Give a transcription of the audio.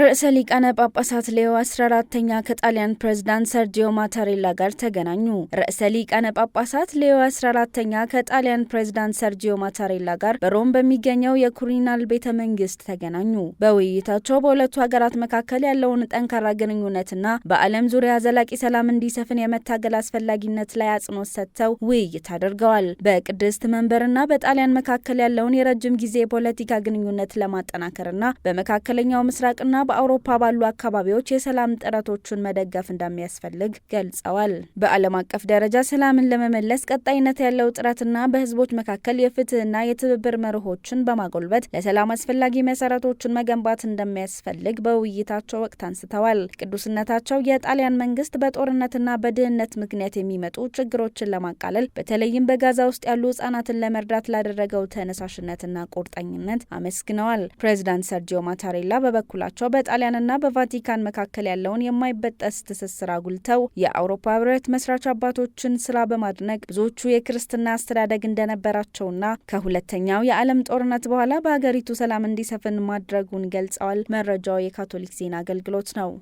ርዕሰ ሊቃነ ጳጳሳት ሌዮ 14ተኛ ከጣሊያን ፕሬዝዳንት ሰርጂዮ ማታሬላ ጋር ተገናኙ። ርዕሰ ሊቃነ ጳጳሳት ሌዮ 14ተኛ ከጣሊያን ፕሬዝዳንት ሰርጂዮ ማታሬላ ጋር በሮም በሚገኘው የኩሪናል ቤተ መንግስት ተገናኙ። በውይይታቸው በሁለቱ ሀገራት መካከል ያለውን ጠንካራ ግንኙነትና በዓለም ዙሪያ ዘላቂ ሰላም እንዲሰፍን የመታገል አስፈላጊነት ላይ አጽንኦት ሰጥተው ውይይት አድርገዋል። በቅድስት መንበርና በጣሊያን መካከል ያለውን የረጅም ጊዜ የፖለቲካ ግንኙነት ለማጠናከርና በመካከለኛው ምስራቅና በአውሮፓ ባሉ አካባቢዎች የሰላም ጥረቶቹን መደገፍ እንደሚያስፈልግ ገልጸዋል። በዓለም አቀፍ ደረጃ ሰላምን ለመመለስ ቀጣይነት ያለው ጥረትና በህዝቦች መካከል የፍትህና የትብብር መርሆችን በማጎልበት ለሰላም አስፈላጊ መሰረቶችን መገንባት እንደሚያስፈልግ በውይይታቸው ወቅት አንስተዋል። ቅዱስነታቸው የጣሊያን መንግስት በጦርነትና በድህነት ምክንያት የሚመጡ ችግሮችን ለማቃለል በተለይም በጋዛ ውስጥ ያሉ ህጻናትን ለመርዳት ላደረገው ተነሳሽነትና ቁርጠኝነት አመስግነዋል። ፕሬዚዳንት ሰርጂዮ ማታሬላ በበኩላቸው በጣሊያንና በቫቲካን መካከል ያለውን የማይበጠስ ትስስር አጉልተው የአውሮፓ ህብረት መስራች አባቶችን ስራ በማድነቅ ብዙዎቹ የክርስትና አስተዳደግ እንደነበራቸውና ከሁለተኛው የዓለም ጦርነት በኋላ በሀገሪቱ ሰላም እንዲሰፍን ማድረጉን ገልጸዋል። መረጃው የካቶሊክ ዜና አገልግሎት ነው።